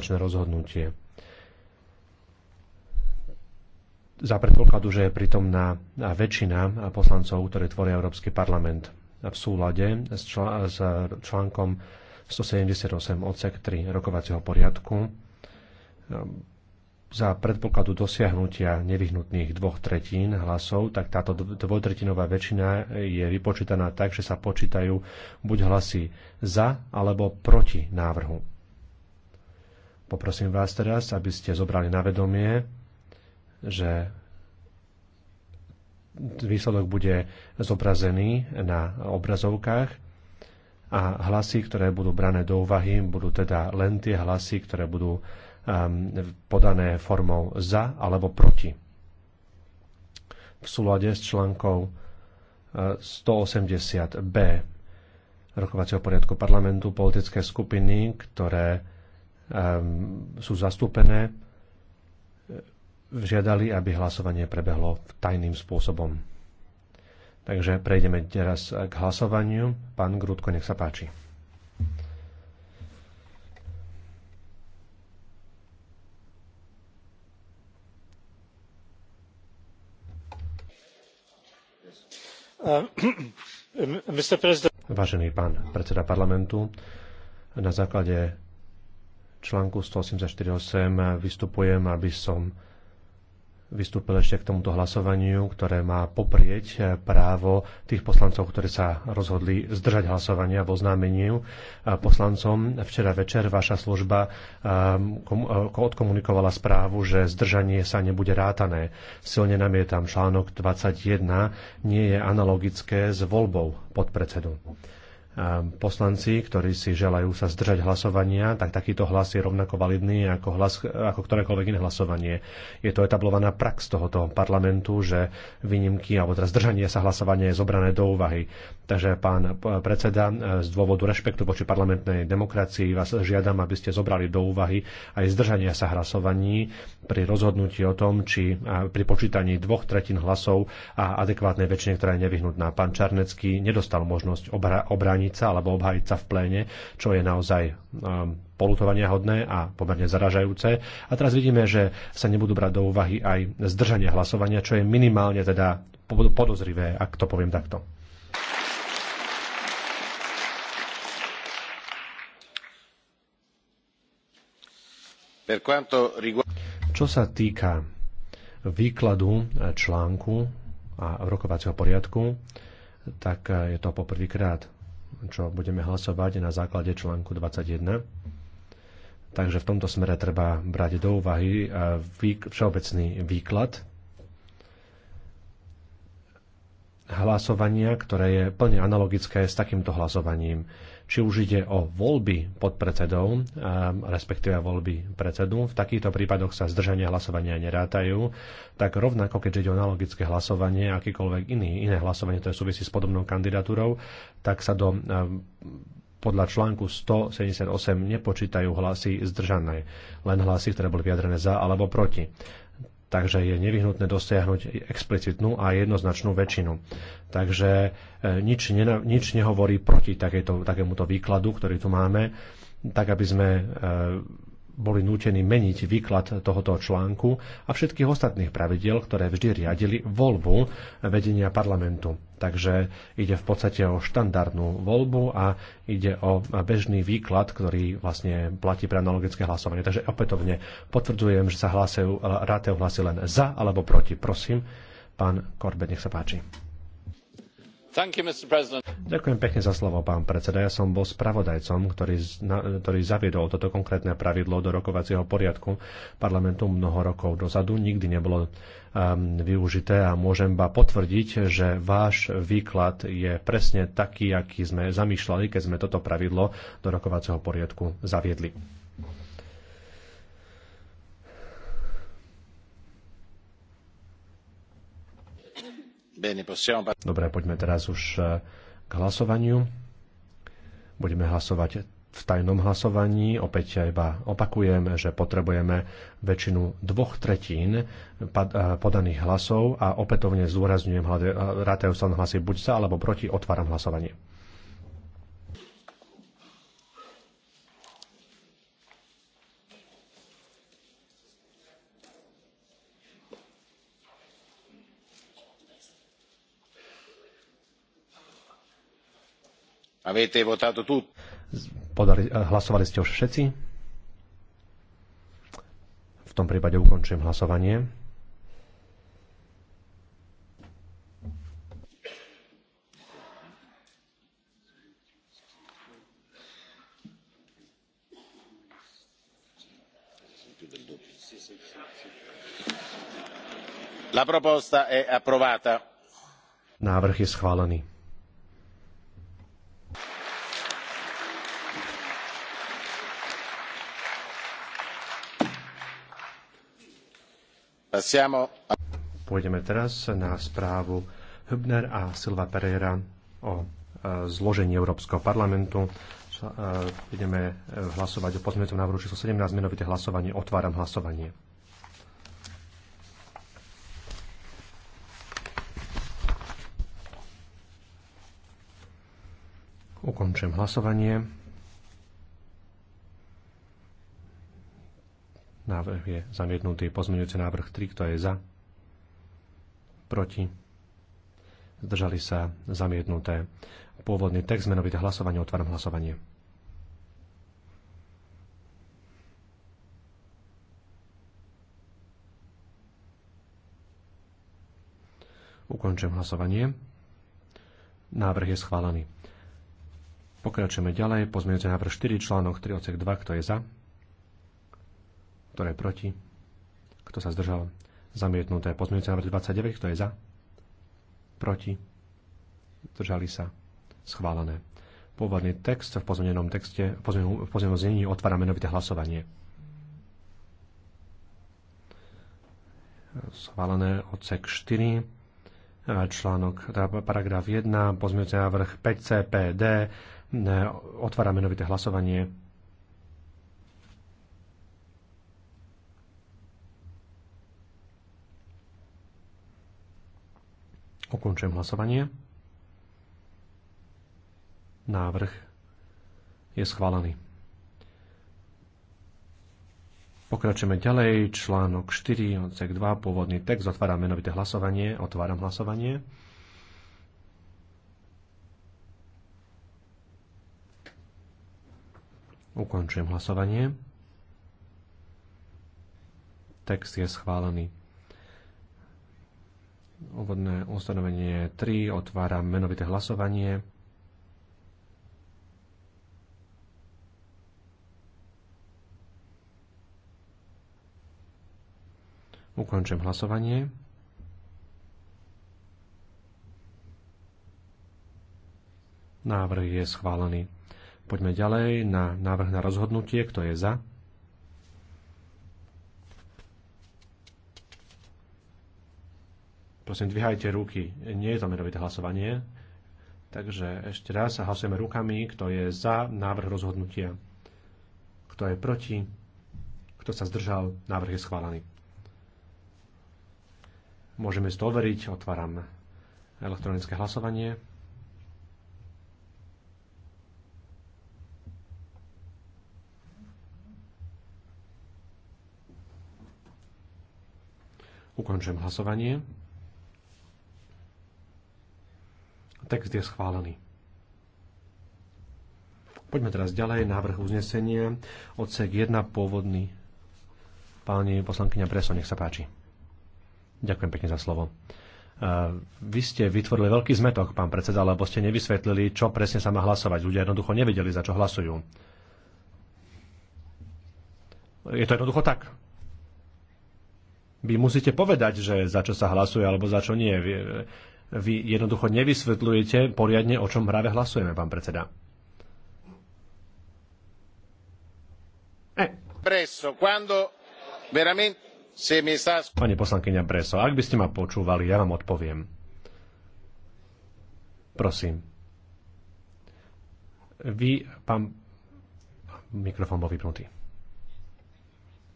opačné rozhodnutie. Za predpokladu, že je pritomná väčšina poslancov, ktorí tvoria Európsky parlament v súlade s, čl- s článkom 178 odsek 3 rokovacieho poriadku, ehm, za predpokladu dosiahnutia nevyhnutných dvoch tretín hlasov, tak táto dvojtretinová väčšina je vypočítaná tak, že sa počítajú buď hlasy za alebo proti návrhu. Poprosím vás teraz, aby ste zobrali na vedomie, že výsledok bude zobrazený na obrazovkách a hlasy, ktoré budú brané do úvahy, budú teda len tie hlasy, ktoré budú um, podané formou za alebo proti. V súlade s článkou uh, 180b rokovacieho poriadku parlamentu politické skupiny, ktoré Ehm, sú zastúpené, žiadali, aby hlasovanie prebehlo tajným spôsobom. Takže prejdeme teraz k hlasovaniu. Pán Grudko, nech sa páči. Ehm, Vážený pán predseda parlamentu, na základe článku 184.8 vystupujem, aby som vystúpil ešte k tomuto hlasovaniu, ktoré má poprieť eh, právo tých poslancov, ktorí sa rozhodli zdržať hlasovania v oznámeniu eh, poslancom. Včera večer vaša služba eh, odkomunikovala správu, že zdržanie sa nebude rátané. Silne tam. článok 21 nie je analogické s voľbou podpredsedu. Ehm, poslanci, ktorí si želajú sa zdržať hlasovania, tak takýto hlas je rovnako validný ako, hlas, ako ktorékoľvek iné hlasovanie. Je to etablovaná prax tohoto parlamentu, že výnimky alebo teda zdržanie sa hlasovania je zobrané do úvahy. Takže pán predseda, e, z dôvodu rešpektu voči parlamentnej demokracii vás žiadam, aby ste zobrali do úvahy aj zdržania sa hlasovaní pri rozhodnutí o tom, či pri počítaní dvoch tretín hlasov a adekvátnej väčšine, ktorá je nevyhnutná. Pán Čarnecký nedostal možnosť obrániť obhajca alebo obhajca v pléne, čo je naozaj um, polutovania hodné a pomerne zaražajúce. A teraz vidíme, že sa nebudú brať do úvahy aj zdržanie hlasovania, čo je minimálne teda podozrivé, ak to poviem takto. Čo sa týka výkladu článku a rokovacieho poriadku, tak eh, je to poprvýkrát čo budeme hlasovať na základe článku 21. Takže v tomto smere treba brať do úvahy e, všeobecný výklad hlasovania, ktoré je plne analogické s takýmto hlasovaním či už ide o voľby podpredsedov, respektíve voľby predsedu. V takýchto prípadoch sa zdržania hlasovania nerátajú, tak rovnako keď ide o analogické hlasovanie, akýkoľvek iný, iné hlasovanie, ktoré súvisí s podobnou kandidatúrou, tak sa do podľa článku 178 nepočítajú hlasy zdržané, len hlasy, ktoré boli vyjadrené za alebo proti takže je nevyhnutné dosiahnuť explicitnú a jednoznačnú väčšinu. Takže e, nič, nena, nič nehovorí proti takéto, takémuto výkladu, ktorý tu máme, tak aby sme e, boli nútení meniť výklad tohoto článku a všetkých ostatných pravidel, ktoré vždy riadili voľbu vedenia parlamentu. Takže ide v podstate o štandardnú voľbu a ide o bežný výklad, ktorý vlastne platí pre analogické hlasovanie. Takže opätovne potvrdzujem, že sa hlasujú, ráte hlasy len za alebo proti. Prosím, pán Korbet, nech sa páči. Ďakujem pekne za slovo, pán predseda. Ja som bol spravodajcom, ktorý, ktorý zaviedol toto konkrétne pravidlo do rokovacieho poriadku parlamentu mnoho rokov dozadu. Nikdy nebolo um, využité a môžem ba potvrdiť, že váš výklad je presne taký, aký sme zamýšľali, keď sme toto pravidlo do rokovacieho poriadku zaviedli. Dobre, poďme teraz už eh, k hlasovaniu. Budeme hlasovať v tajnom hlasovaní. Opäť iba opakujem, že potrebujeme väčšinu dvoch tretín eh, podaných hlasov a opätovne zdôrazňujem, eh, rátajú sa hlasy buď za alebo proti, otváram hlasovanie. Avete votato Podali, eh, hlasovali ste už všetci? V tom prípade ukončujem hlasovanie. La proposta è approvata. Návrh je schválený. Pôjdeme teraz na správu Hübner a Silva Pereira o e, zložení Európskeho parlamentu. E, ideme e, hlasovať o pozmeňujúcom návrhu číslo 17, menovité hlasovanie. Otváram hlasovanie. Ukončujem hlasovanie. Návrh je zamietnutý. Pozmeňujúci návrh 3. Kto je za? Proti? Zdržali sa zamietnuté. Pôvodný text, menovité hlasovanie. Otváram hlasovanie. Ukončujem hlasovanie. Návrh je schválený. Pokračujeme ďalej. Pozmeňujúci návrh 4, článok 3, odsek 2. Kto je za? Kto je proti? Kto sa zdržal? Zamietnuté. pozmeňujúce návrh 29. Kto je za? Proti? Zdržali sa? Schválené. Pôvodný text v pozmenenom texte, v pozmenenom znení otvára menovité hlasovanie. Schválené odsek 4, článok, teda paragraf 1, pozmeňujúci návrh 5 CPD, otvára menovité hlasovanie. Ukončujem hlasovanie. Návrh je schválený. Pokračujeme ďalej. Článok 4, odsek 2, pôvodný text. Otváram menovité hlasovanie. Otváram hlasovanie. Ukončujem hlasovanie. Text je schválený. Úvodné ustanovenie 3 otvára menovité hlasovanie. Ukončím hlasovanie. Návrh je schválený. Poďme ďalej na návrh na rozhodnutie, kto je za. Prosím, dvíhajte ruky. Nie je to menovité hlasovanie. Takže ešte raz sa hlasujeme rukami, kto je za návrh rozhodnutia. Kto je proti? Kto sa zdržal? Návrh je schválený. Môžeme si to overiť. Otváram elektronické hlasovanie. Ukončujem hlasovanie. Text je schválený. Poďme teraz ďalej. Návrh uznesenia. Odsek 1. Pôvodný. Páni poslankyňa Preso, nech sa páči. Ďakujem pekne za slovo. E, vy ste vytvorili veľký zmetok, pán predseda, lebo ste nevysvetlili, čo presne sa má hlasovať. Ľudia jednoducho nevedeli, za čo hlasujú. Je to jednoducho tak. Vy musíte povedať, že za čo sa hlasuje alebo za čo nie. Vy jednoducho nevysvetľujete poriadne, o čom práve hlasujeme, pán predseda. Presso, quando veramente se mi sta... Pani poslankyňa Breso, ak by ste ma počúvali, ja vám odpoviem. Prosím. Vy, pán... Mikrofón bol vypnutý.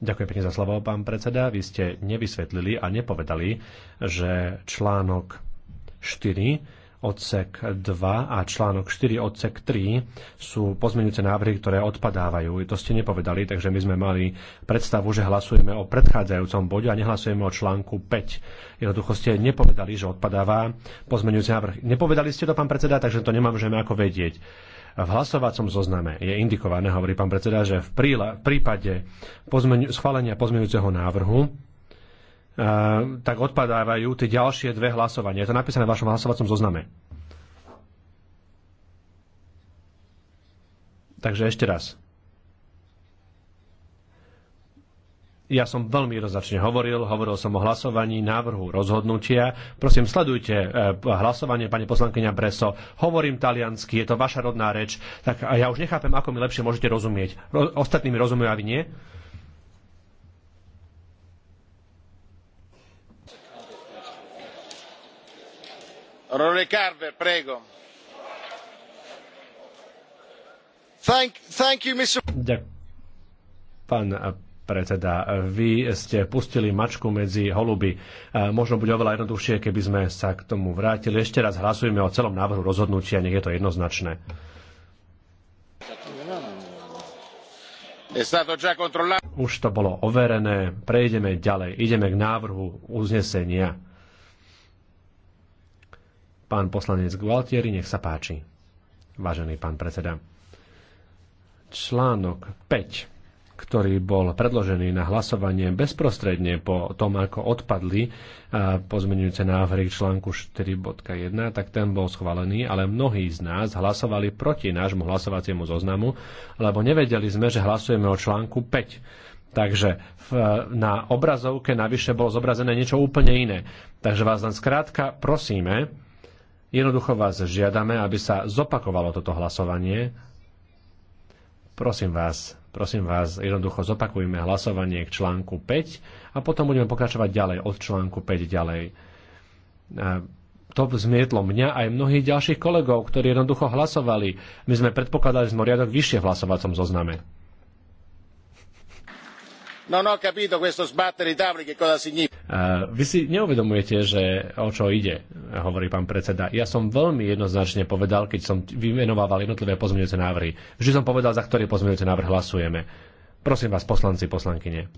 Ďakujem pekne za slovo, pán predseda. Vy ste nevysvetlili a nepovedali, že článok 4 odsek 2 a článok 4 odsek 3 sú pozmeňujúce návrhy, ktoré odpadávajú. To ste nepovedali, takže my sme mali predstavu, že hlasujeme o predchádzajúcom bode a nehlasujeme o článku 5. Jednoducho ste nepovedali, že odpadáva pozmeňujúci návrh. Nepovedali ste to, pán predseda, takže to že ako vedieť. V hlasovacom zozname je indikované, hovorí pán predseda, že v prípade schválenia pozmeňujúceho návrhu E, tak odpadávajú tie ďalšie dve hlasovania. Je to napísané v vašom hlasovacom zozname. Takže ešte raz. Ja som veľmi rozačne hovoril, hovoril som o hlasovaní návrhu rozhodnutia. Prosím, sledujte e, hlasovanie, pani poslankyňa Breso. Hovorím taliansky, je to vaša rodná reč. Tak ja už nechápem, ako mi lepšie môžete rozumieť. Ostatní mi rozumejú a vy nie? onorevole thank you, Mr. Pán predseda, vy ste pustili mačku medzi holuby. E, možno bude oveľa jednoduchšie, keby sme sa k tomu vrátili. Ešte raz hlasujeme o celom návrhu rozhodnutia, nech je to jednoznačné. Už to bolo overené, prejdeme ďalej, ideme k návrhu uznesenia. Pán poslanec Gualtieri, nech sa páči. Vážený pán predseda. Článok 5 ktorý bol predložený na hlasovanie bezprostredne po tom, ako odpadli e, pozmenujúce návrhy článku 4.1, tak ten bol schválený, ale mnohí z nás hlasovali proti nášmu hlasovaciemu zoznamu, lebo nevedeli sme, že hlasujeme o článku 5. Takže v, na obrazovke navyše bolo zobrazené niečo úplne iné. Takže vás len skrátka prosíme, Jednoducho vás žiadame, aby sa zopakovalo toto hlasovanie. Prosím vás, prosím vás, jednoducho zopakujme hlasovanie k článku 5 a potom budeme pokračovať ďalej od článku 5 ďalej. To zmietlo mňa aj mnohých ďalších kolegov, ktorí jednoducho hlasovali. My sme predpokladali sme riadok vyššie v hlasovacom zozname. Non ho capito questo sbattere i tavoli che cosa significa. Uh, vy si neuvedomujete, že o čo ide, hovorí pán predseda. Ja som veľmi jednoznačne povedal, keď som vymenovával jednotlivé pozmeňujúce návrhy. Vždy som povedal, za ktorý pozmeňujúci návrh hlasujeme. Prosím vás, poslanci, poslankyne.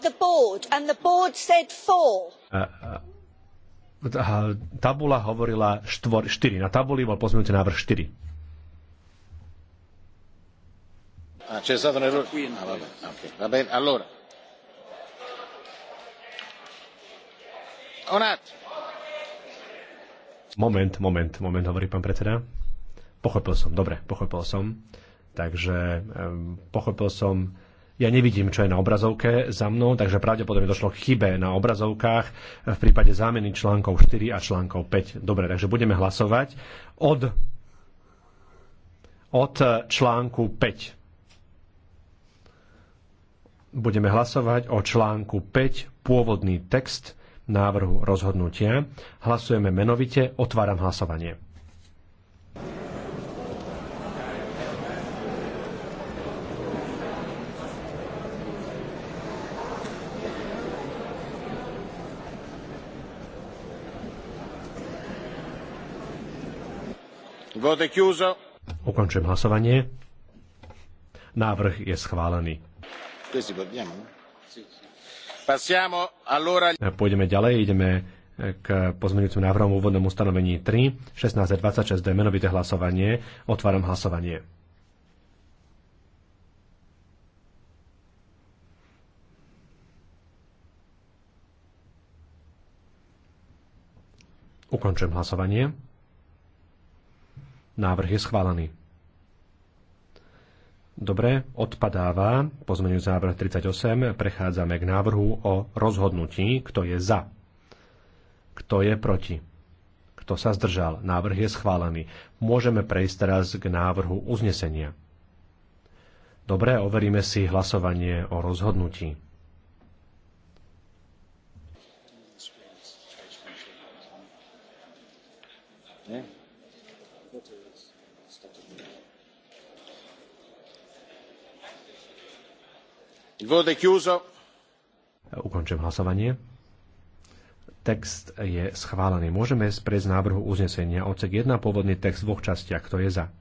the board and the board said four. Uh, tabula hovorila 4. Na tabuli bol pozmenutý návrh 4. Ah, c'è stato un errore? Ah, vabbè, okay. Va bene, allora. Un attimo. Moment, moment, moment, hovorí pán predseda. Pochopil som, dobre, pochopil som. Takže um, pochopil som ja nevidím, čo je na obrazovke za mnou, takže pravdepodobne došlo k chybe na obrazovkách v prípade zámeny článkov 4 a článkov 5. Dobre, takže budeme hlasovať od, od článku 5. Budeme hlasovať o článku 5, pôvodný text návrhu rozhodnutia. Hlasujeme menovite, otváram hlasovanie. Ukončujem hlasovanie. Návrh je schválený. E, pôjdeme ďalej, ideme e, k pozmeňujúcim návrhom úvodnom ustanovení 3, 16.26 a 26 D, menovité hlasovanie. Otváram hlasovanie. Ukončujem hlasovanie. Návrh je schválený. Dobre, odpadáva pozmeňujúci návrh 38. Prechádzame k návrhu o rozhodnutí, kto je za, kto je proti, kto sa zdržal. Návrh je schválený. Môžeme prejsť teraz k návrhu uznesenia. Dobre, overíme si hlasovanie o rozhodnutí. Yeah. Ukončím hlasovanie. Text je schválený. Môžeme sprieť z návrhu uznesenia. Odsek 1, pôvodný text v dvoch častiach. Kto je za?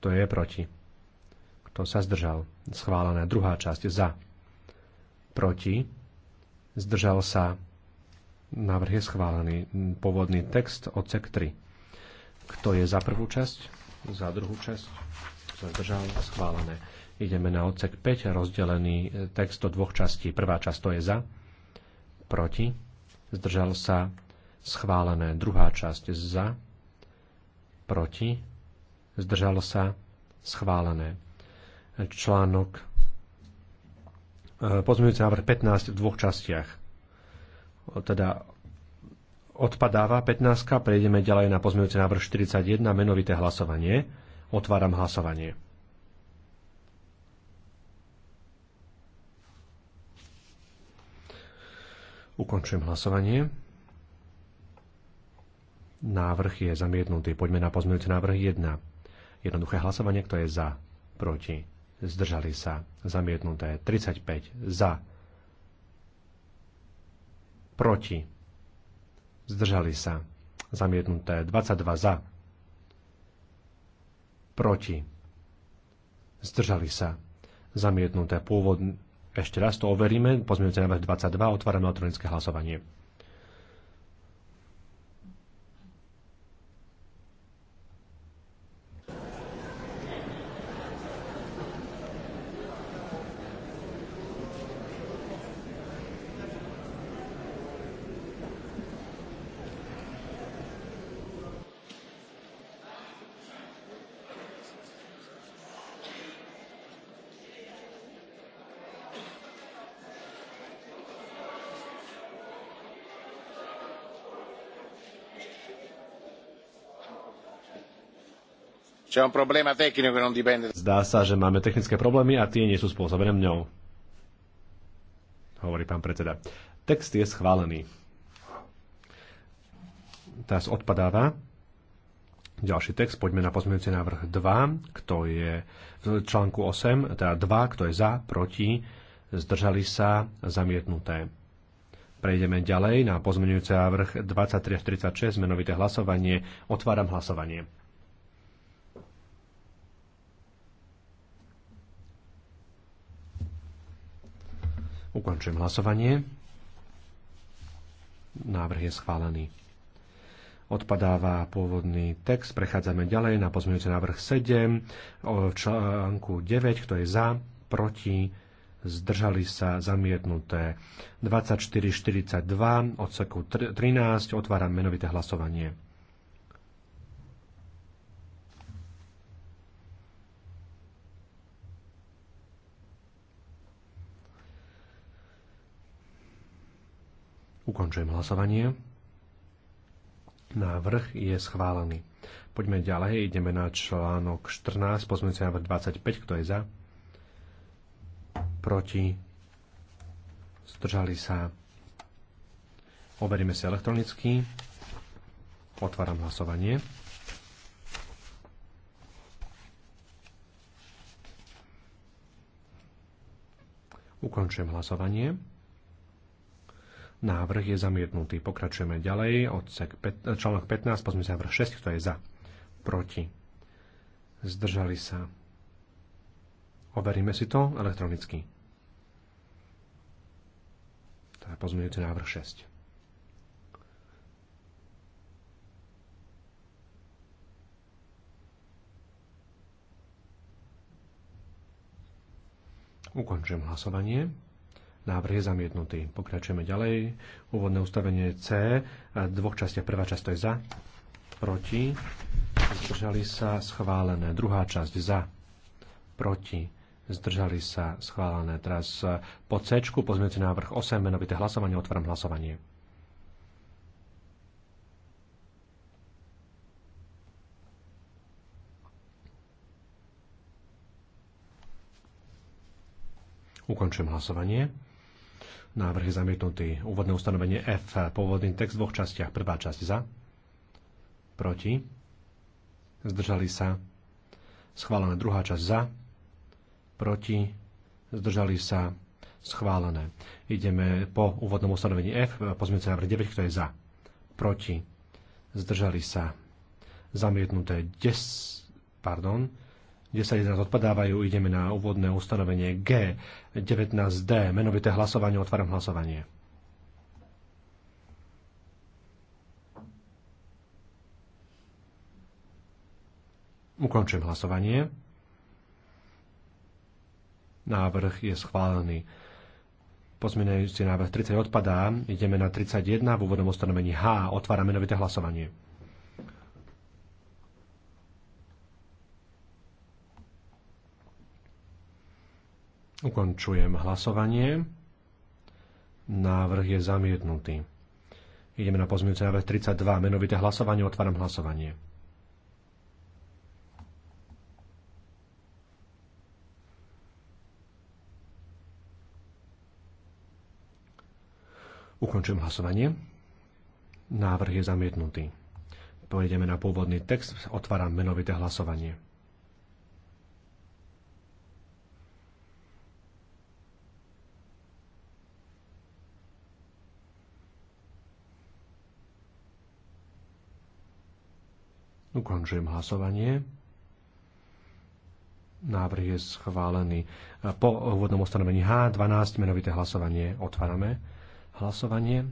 Kto je proti? Kto sa zdržal? Schválená druhá časť za. Proti? Zdržal sa. Návrh je schválený. Pôvodný text, odsek 3. Kto je za prvú časť? Za druhú časť? Kto sa zdržal? Schválené Ideme na odsek 5, rozdelený e, text do dvoch častí. Prvá časť to je za, proti, zdržal sa, schválené. Druhá časť za, proti, zdržal sa, schválené. E, článok e, pozmeňujúci návrh 15 v dvoch častiach. Teda odpadáva 15, prejdeme ďalej na pozmeňujúci návrh 41, menovité hlasovanie. Otváram hlasovanie. Ukončujem hlasovanie. Návrh je zamietnutý. Poďme na pozmeňujúci návrh 1. Jednoduché hlasovanie, kto je za, proti, zdržali sa, zamietnuté. 35 za, proti, zdržali sa, zamietnuté. 22 za, proti, zdržali sa, zamietnuté. Pôvodný ešte raz to overíme. Pozmeňujúce návrh 22. otvárame elektronické hlasovanie. Zdá sa, že máme technické problémy a tie nie sú spôsobené mňou. Hovorí pán predseda. Text je schválený. Teraz odpadáva. Ďalší text, poďme na pozmeňujúci návrh 2, kto je v článku 8, teda 2, kto je za, proti, zdržali sa, zamietnuté. Prejdeme ďalej na pozmeňujúci návrh 23 36, menovité hlasovanie. Otváram hlasovanie. Ukončujem hlasovanie. Návrh je schválený. Odpadáva pôvodný text. Prechádzame ďalej na pozmeňujúci návrh 7 o článku 9. Kto je za, proti, zdržali sa zamietnuté. 2442 odseku 13 otváram menovité hlasovanie. Ukončujem hlasovanie. Návrh je schválený. Poďme ďalej, ideme na článok 14, pozmeňujúci návrh 25, kto je za? Proti? Zdržali sa? Overíme si elektronicky. Otváram hlasovanie. Ukončujem hlasovanie. Návrh je zamietnutý. Pokračujeme ďalej. Odsek 5, článok 15, pozme sa 6, kto je za. Proti. Zdržali sa. Overíme si to elektronicky. To je pozmeňujúci návrh 6. Ukončujem hlasovanie. Návrh je zamietnutý. Pokračujeme ďalej. Úvodné ustavenie C. dvoch častiach. Prvá časť to je za. Proti. Zdržali sa schválené. Druhá časť za. Proti. Zdržali sa schválené. Teraz e, po C. Pozmiete návrh 8. Menovité hlasovanie. Otváram hlasovanie. Ukončujem hlasovanie. Návrh je zamietnutý. Úvodné ustanovenie F. Pôvodný text v dvoch častiach. Prvá časť za. Proti. Zdržali sa. Schválená druhá časť za. Proti. Zdržali sa. Schválené. Ideme po úvodnom ustanovení F. Pozmienujúci návrh 9, kto je za. Proti. Zdržali sa. Zamietnuté 10. Pardon. 10 11 odpadávajú, ideme na úvodné ustanovenie G, 19D, menovité hlasovanie, otváram hlasovanie. Ukončujem hlasovanie. Návrh je schválený. Pozmenujúci návrh 30 odpadá. Ideme na 31 v úvodnom ustanovení H. Otváram menovité hlasovanie. Ukončujem hlasovanie. Návrh je zamietnutý. Ideme na pozmeňujúci návrh 32. Menovité hlasovanie. Otváram hlasovanie. Ukončujem hlasovanie. Návrh je zamietnutý. Pojedeme na pôvodný text. Otváram menovité hlasovanie. Ukončujem hlasovanie. Návrh je schválený. Po úvodnom ustanovení H12 menovité hlasovanie otvárame. Hlasovanie.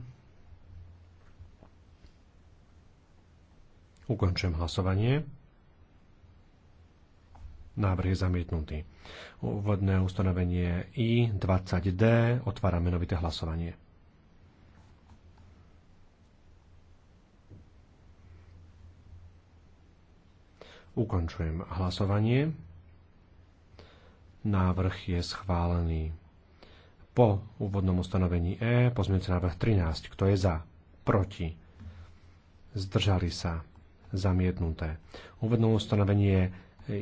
Ukončujem hlasovanie. Návrh je zamietnutý. Úvodné ustanovenie I20D otvára menovité hlasovanie. Ukončujem hlasovanie. Návrh je schválený. Po úvodnom ustanovení E pozmeňujúci návrh 13. Kto je za? Proti? Zdržali sa? Zamietnuté. Úvodné ustanovenie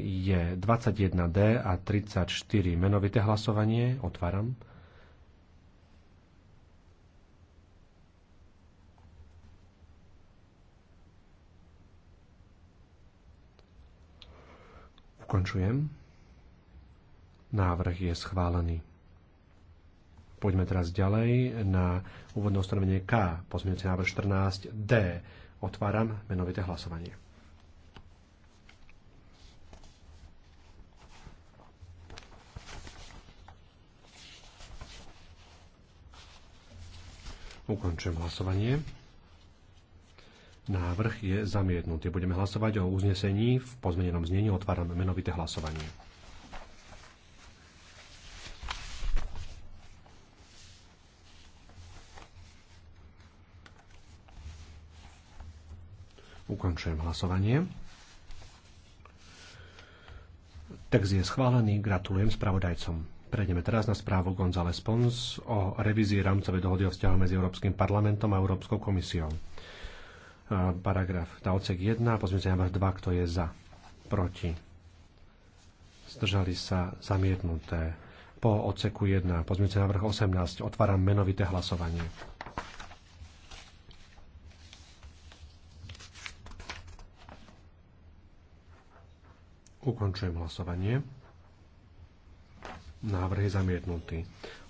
je 21D a 34. Menovité hlasovanie. Otváram. Ukončujem. Návrh je schválený. Poďme teraz ďalej na úvodné ustanovenie K, pozmeňujúci návrh 14D. Otváram menovité hlasovanie. Ukončujem hlasovanie. Návrh je zamietnutý. Budeme hlasovať o uznesení v pozmenenom znení. Otváram menovité hlasovanie. Ukončujem hlasovanie. Text je schválený. Gratulujem spravodajcom. Prejdeme teraz na správu González Pons o revízii rámcovej dohody o vzťahu medzi Európskym parlamentom a Európskou komisiou paragraf tá odsek 1, pozmeňujúci návrh 2, kto je za, proti. Zdržali sa zamietnuté. Po odseku 1, pozmeňujúci návrh 18, otváram menovité hlasovanie. Ukončujem hlasovanie. Návrh je zamietnutý.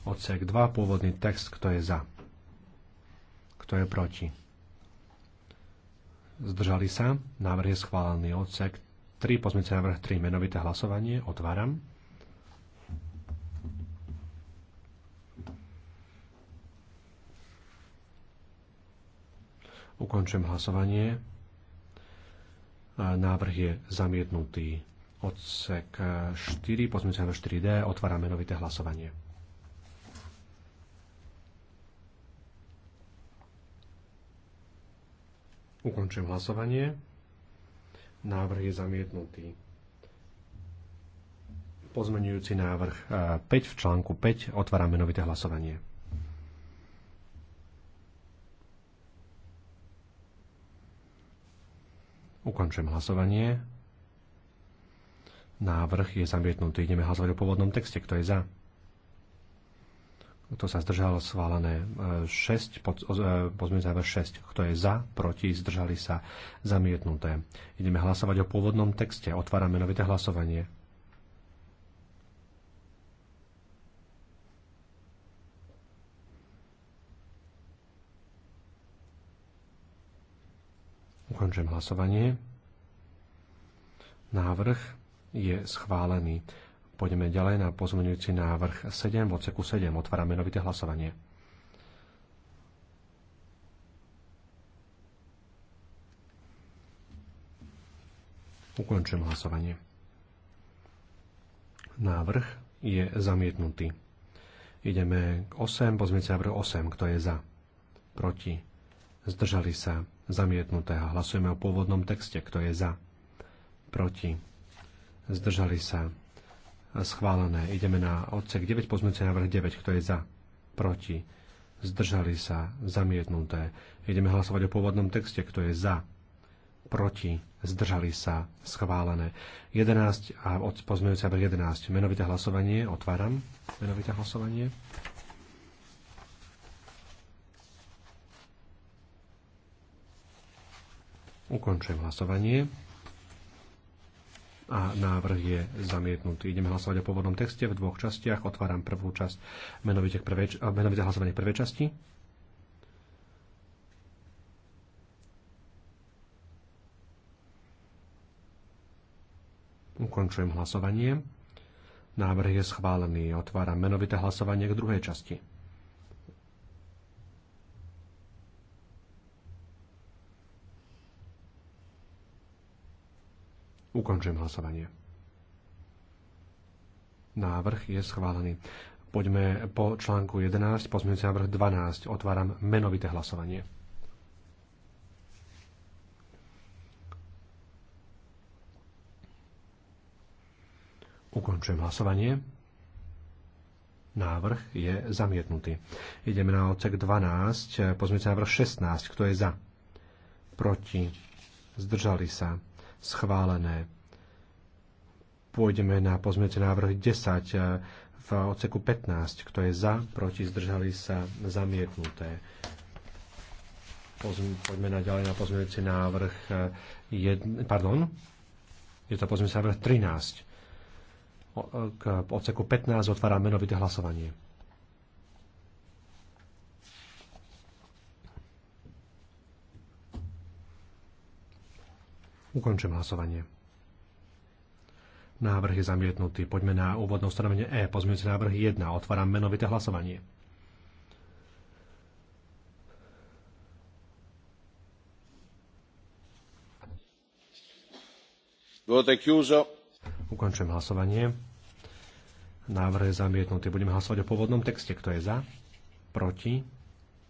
Odsek 2, pôvodný text, kto je za, kto je proti Zdržali sa. Návrh je schválený. Odsek 3, pozmeňujúci návrh 3, menovité hlasovanie. Otváram. Ukončujem hlasovanie. Návrh je zamietnutý. Odsek 4, eh, pozmeňujúci návrh 4D, otváram menovité hlasovanie. Ukončujem hlasovanie. Návrh je zamietnutý. Pozmenujúci návrh 5 e, v článku 5. Otváram novité hlasovanie. Ukončujem hlasovanie. Návrh je zamietnutý. Ideme hlasovať o pôvodnom texte. Kto je za? To sa zdržalo Schválené 6. E, e, pozmeňujúci záver 6. Kto je za? Proti? Zdržali sa? Zamietnuté. Ideme hlasovať o pôvodnom texte. Otvárame novité hlasovanie. Ukončujem hlasovanie. Návrh je schválený. Poďme ďalej na pozmeňujúci návrh 7 v odseku 7. Otvárame novité hlasovanie. Ukončujem hlasovanie. Návrh je zamietnutý. Ideme k 8, pozmeňujúci návrh 8. Kto je za? Proti? Zdržali sa? Zamietnuté. Hlasujeme o pôvodnom texte. Kto je za? Proti? Zdržali sa? schválené. Ideme na odsek 9, pozmeňujúce návrh 9, kto je za, proti, zdržali sa, zamietnuté. Ideme hlasovať o pôvodnom texte, kto je za, proti, zdržali sa, schválené. 11 a pozmeňujúce návrh 11, menovité hlasovanie, otváram menovité hlasovanie. Ukončujem hlasovanie a návrh je zamietnutý. Ideme hlasovať o pôvodnom texte v dvoch častiach. Otváram prvú časť, menovite, prvej, menovite hlasovanie prvej časti. Ukončujem hlasovanie. Návrh je schválený. Otváram menovité hlasovanie k druhej časti. Ukončujem hlasovanie. Návrh je schválený. Poďme po článku 11, pozmeňujúci návrh 12. Otváram menovité hlasovanie. Ukončujem hlasovanie. Návrh je zamietnutý. Ideme na odsek 12, pozmeňujúci návrh 16. Kto je za? Proti? Zdržali sa? schválené. Pôjdeme na pozmeňujúci návrh 10 eh, v odseku 15. Kto je za, proti, zdržali sa, zamietnuté. Poďme na ďalej na pozmeňujúci návrh 1, eh, pardon, je to pozmeňujúci návrh 13. Eh, k odseku 15 otvára menovité hlasovanie. Ukončím hlasovanie. Návrh je zamietnutý. Poďme na úvodné ustanovenie E. Pozmiňujúci návrh 1. Otváram menovité hlasovanie. Ukončujem hlasovanie. Návrh je zamietnutý. Budeme hlasovať o pôvodnom texte. Kto je za? Proti?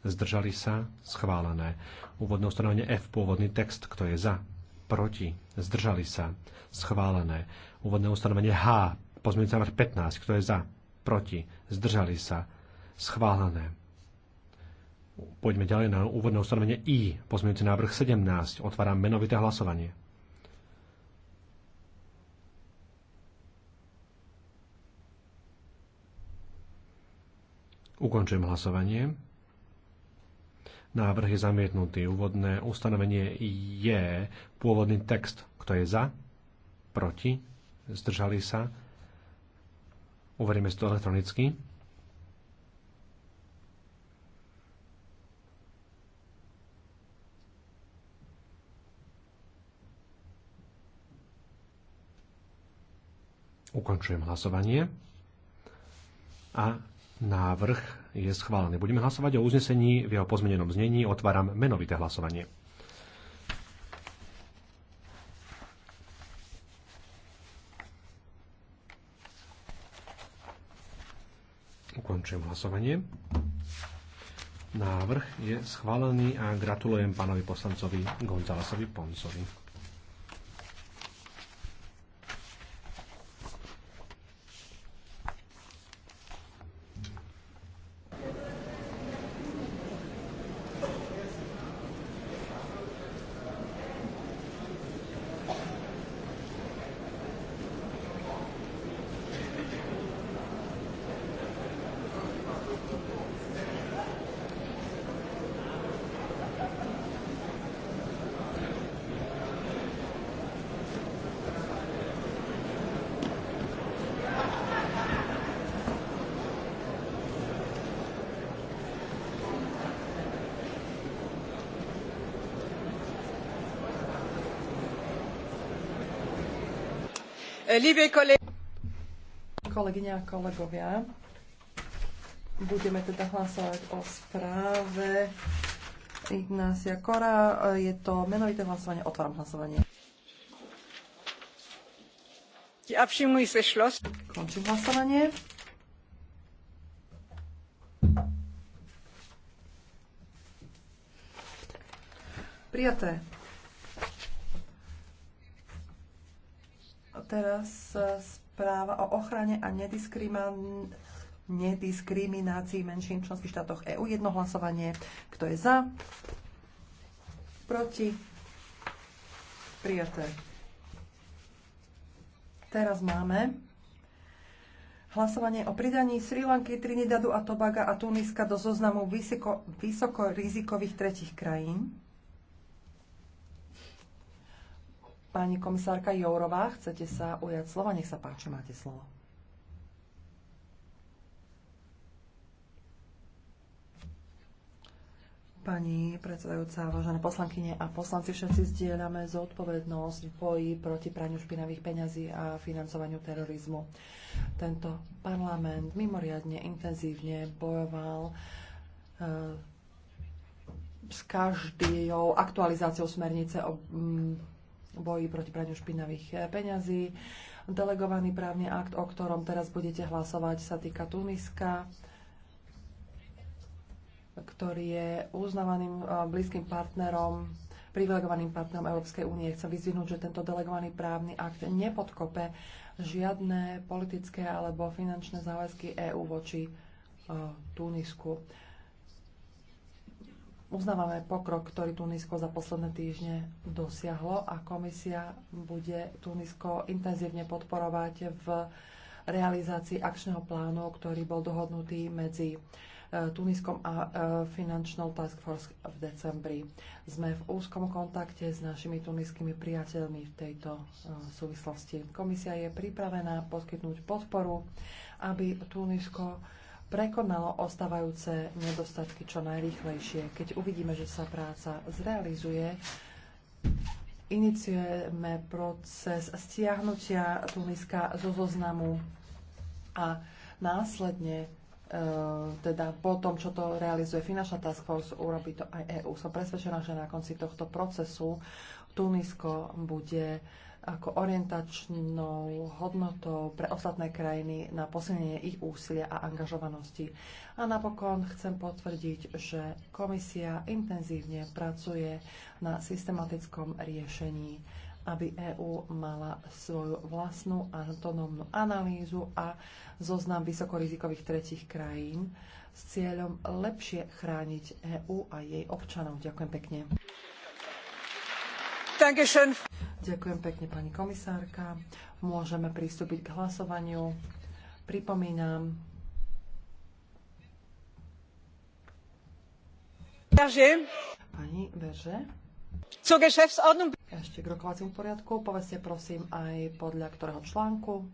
Zdržali sa? Schválené. Úvodné ustanovenie F. Pôvodný text. Kto je za? proti, zdržali sa, schválené. Úvodné ustanovenie H, pozmeňujúci návrh 15, kto je za, proti, zdržali sa, schválené. Poďme ďalej na úvodné ustanovenie I, pozmeňujúci návrh 17, otváram menovité hlasovanie. Ukončujem hlasovanie. Návrh je zamietnutý. Úvodné ustanovenie je pôvodný text. Kto je za? Proti? Zdržali sa? Uveríme si to elektronicky. Ukončujem hlasovanie. A Návrh je schválený. Budeme hlasovať o uznesení v jeho pozmenenom znení. Otváram menovité hlasovanie. Ukončujem hlasovanie. Návrh je schválený a gratulujem pánovi poslancovi Gonzalasovi Poncovi. kolegyne a kolegovia, budeme teda hlasovať o správe Ignácia Kora. Je to menovité hlasovanie. Otváram hlasovanie. Končím hlasovanie. Prijaté. Teraz e, správa o ochrane a nediskriminácii menšín v členských štátoch EÚ. Jedno hlasovanie. Kto je za? Proti? Prijaté. Teraz máme hlasovanie o pridaní Sri Lanky, Trinidadu a Tobaga a Tuniska do zoznamu vysoko, vysokorizikových tretich krajín. Pani komisárka Jourová, chcete sa ujať slova? Nech sa páči, máte slovo. Pani predsedajúca, vážené poslankyne a poslanci, všetci zdieľame zodpovednosť v boji proti praniu špinavých peňazí a financovaniu terorizmu. Tento parlament mimoriadne intenzívne bojoval e, s každou aktualizáciou smernice o mm, boji proti praniu špinavých eh, peňazí. Delegovaný právny akt, o ktorom teraz budete hlasovať, sa týka Tuniska, ktorý je uznávaným eh, blízkym partnerom privilegovaným partnerom Európskej únie. Chcem vyzvihnúť, že tento delegovaný právny akt nepodkope žiadne politické alebo finančné záväzky EÚ voči eh, Tunisku. Uznávame pokrok, ktorý Tunisko za posledné týždne dosiahlo a komisia bude Tunisko intenzívne podporovať v realizácii akčného plánu, ktorý bol dohodnutý medzi e, Tuniskom a e, Finančnou Task Force v decembri. Sme v úzkom kontakte s našimi tuniskými priateľmi v tejto e, súvislosti. Komisia je pripravená poskytnúť podporu, aby Tunisko prekonalo ostávajúce nedostatky čo najrýchlejšie. Keď uvidíme, že sa práca zrealizuje, iniciujeme proces stiahnutia Tuniska zo zoznamu a následne e, teda po tom, čo to realizuje Finančná task force, urobí to aj EÚ. Som presvedčená, že na konci tohto procesu Tunisko bude ako orientačnou hodnotou pre ostatné krajiny na posilnenie ich úsilia a angažovanosti. A napokon chcem potvrdiť, že komisia intenzívne pracuje na systematickom riešení, aby EÚ mala svoju vlastnú autonómnu analýzu a zoznam vysokorizikových tretich krajín s cieľom lepšie chrániť EÚ a jej občanov. Ďakujem pekne. Dankeschön. Ďakujem pekne, pani komisárka. Môžeme pristúpiť k hlasovaniu. Pripomínam. Berže. Pani Berže. Ešte k rokovaciemu poriadku. Poveste prosím aj podľa ktorého článku.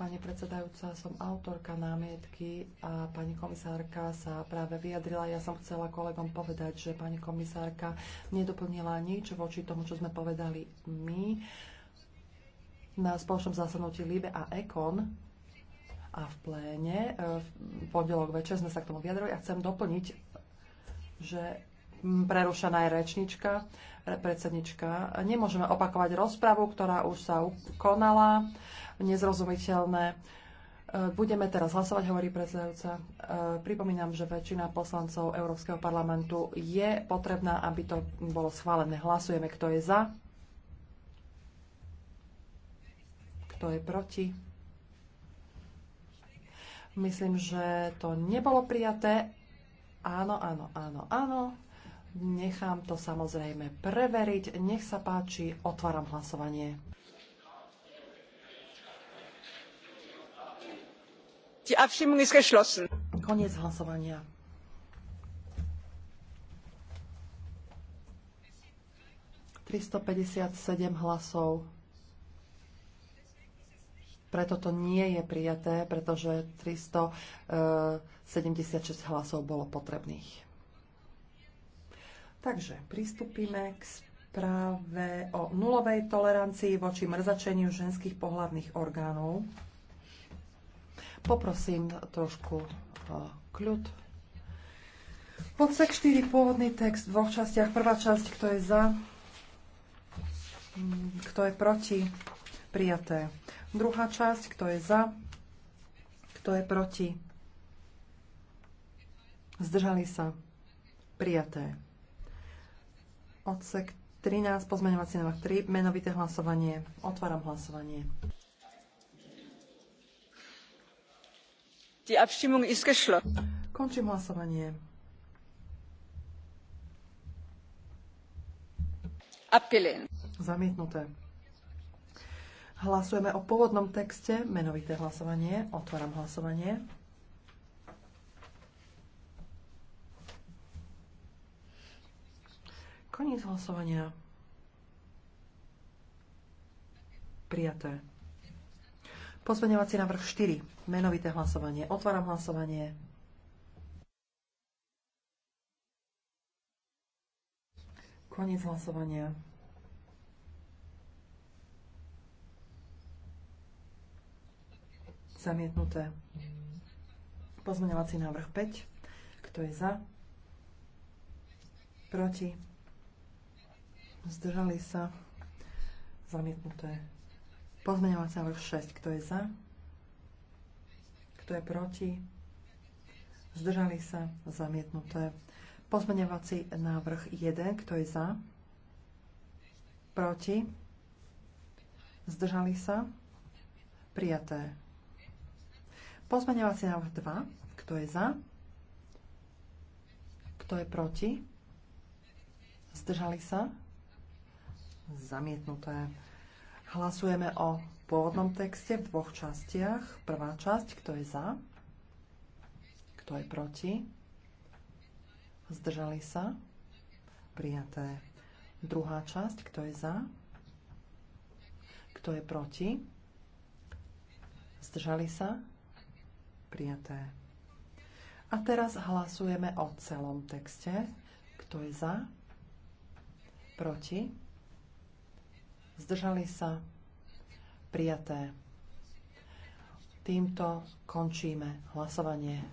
Pani predsedajúca, som autorka námietky a pani komisárka sa práve vyjadrila. Ja som chcela kolegom povedať, že pani komisárka nedoplnila nič voči tomu, čo sme povedali my na spoločnom zasadnutí LIBE a EKON a v pléne. E, v pondelok večer sme sa k tomu vyjadrili a chcem doplniť, že prerušená je rečnička, predsednička. Nemôžeme opakovať rozpravu, ktorá už sa konala, nezrozumiteľné. E, budeme teraz hlasovať, hovorí predsedajúca. E, pripomínam, že väčšina poslancov Európskeho parlamentu je potrebná, aby to bolo schválené. Hlasujeme, kto je za, kto je proti. Myslím, že to nebolo prijaté. Áno, áno, áno, áno. Nechám to samozrejme preveriť. Nech sa páči, otváram hlasovanie. Koniec hlasovania. ...357 hlasov. Preto to nie je prijaté, pretože 376 eh, hlasov bolo potrebných. Takže pristúpime k správe o nulovej tolerancii voči mrzačeniu ženských pohľadných orgánov. Poprosím trošku e, kľud. Podsek 4, pôvodný text v dvoch častiach. Prvá časť, kto je za, mm, kto je proti, prijaté. Druhá časť, kto je za, kto je proti, zdržali sa, prijaté. Odsek 13, pozmeňovací návrh 3, menovité hlasovanie. Otváram hlasovanie. Die Abstimmung ist geschlossen. Končím hlasovanie. Abgelehnt. Zamietnuté. Hlasujeme o pôvodnom texte, menovité hlasovanie. Otváram hlasovanie. Koniec hlasovania. Prijaté. Pozmeňovací návrh 4. Menovité hlasovanie. Otváram hlasovanie. Koniec hlasovania. Zamietnuté. Pozmeňovací návrh 5. Kto je za? Proti? zdržali sa, zamietnuté. Pozmeňovací návrh 6, kto je za, kto je proti, zdržali sa, zamietnuté. Pozmeňovací návrh 1, kto je za, proti, zdržali sa, prijaté. Pozmeňovací návrh 2, kto je za, kto je proti? Zdržali sa? Zamietnuté. Hlasujeme o pôvodnom texte v dvoch častiach. Prvá časť, kto je za, kto je proti, zdržali sa, prijaté. Druhá časť, kto je za, kto je proti, zdržali sa, prijaté. A teraz hlasujeme o celom texte. Kto je za? Proti? zdržali sa, prijaté. Týmto končíme hlasovanie.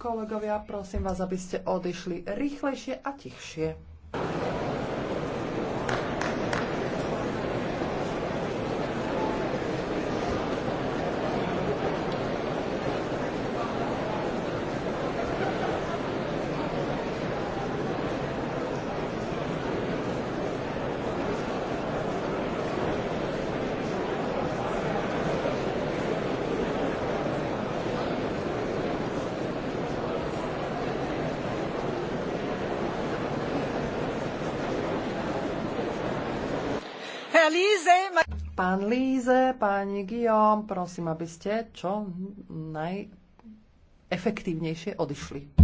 Kolegovia, prosím vás, aby ste odišli rýchlejšie a tichšie. Pani Guillaume, prosím, aby ste čo najefektívnejšie odišli.